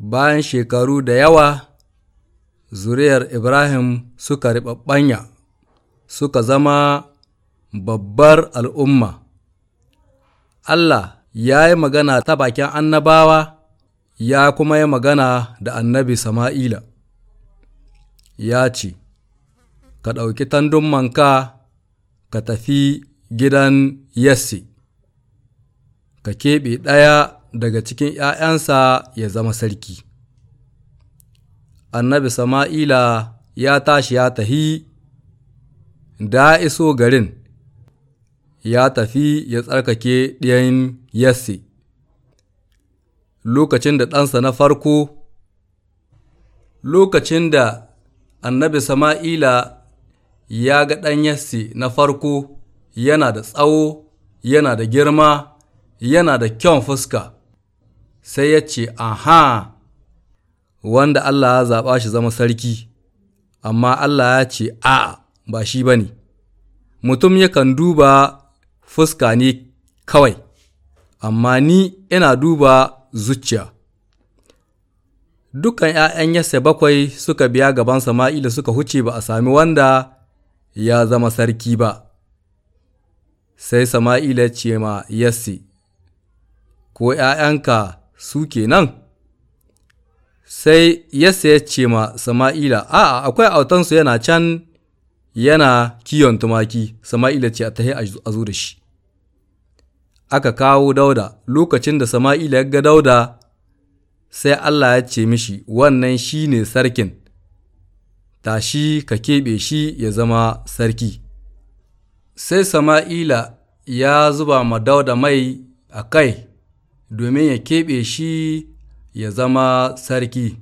Bayan shekaru da yawa, zuriyar Ibrahim suka riɓaɓɓanya, suka zama babbar al'umma. Allah ya yi magana ta bakin annabawa, ya kuma yi magana da annabi Sama'ila, ya ce, Ka ɗauki tandun manka, ka tafi gidan Yassi, ka keɓe ɗaya daga cikin ’ya'yansa ya zama sarki. Annabi Sama'ila ya tashi ya tahi, da ya iso garin, ya tafi ya tsarkake ɗiyan Yesse, lokacin da ɗansa na farko, lokacin da annabi Sama'ila ya ga ɗan yasse na farko yana da tsawo, yana da girma, yana da kyan fuska. sai ya ce, Aha, wanda Allah ya zaɓa shi zama sarki, amma Allah ya ce, A'a, ba shi ba ne, mutum yakan duba fuska ne kawai, amma ni ina duba zuciya. Dukan ’ya'yan Yasse bakwai suka biya gaban Sama'ila suka huce ba a sami wanda ya zama sarki ba. Sai Sama'ila ce ma Yasse, Ko ’ya'yanka su kenan sai yasa ya ce ma sama'ila a'a akwai autansu yana can yana kiyon tumaki sama'ila ce a tahi a zo da shi aka kawo dauda lokacin da sama'ila ya ga dauda sai allah ya ce mishi wannan shi ne sarkin tashi ka keɓe shi ya zama sarki sai sama'ila ya zuba ma dauda mai a kai domin ya keɓe shi ya zama sarki.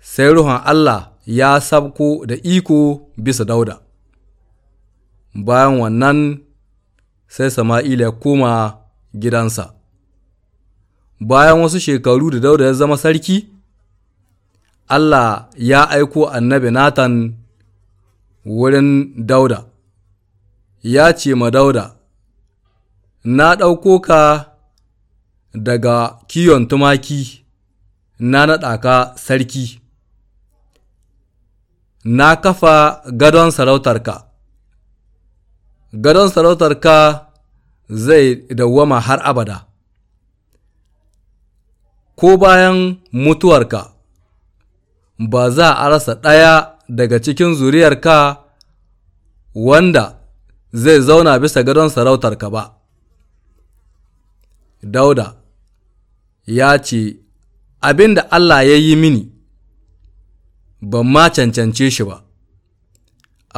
Sai Ruhun Allah ya sabko da iko bisa dauda. Bayan wannan sai Sama'ila ya koma gidansa. Bayan wasu shekaru da dauda ya zama sarki, Allah ya aiko annabi Natan wurin dauda, ya ce ma dauda, Na ɗauko ka daga kiwon tumaki na naɗa ka sarki, na kafa gadon sarautarka, gadon sarautarka zai dawwama har abada, ko bayan mutuwarka ba za a rasa ɗaya daga cikin zuriyarka wanda zai zauna bisa gadon sarautarka ba. Dauda ya ce abin da Allah ya yi mini ban ma cancance shi ba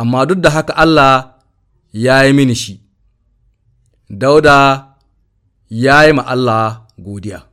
amma duk da haka Allah ya yi mini shi dauda ya yi ma Allah godiya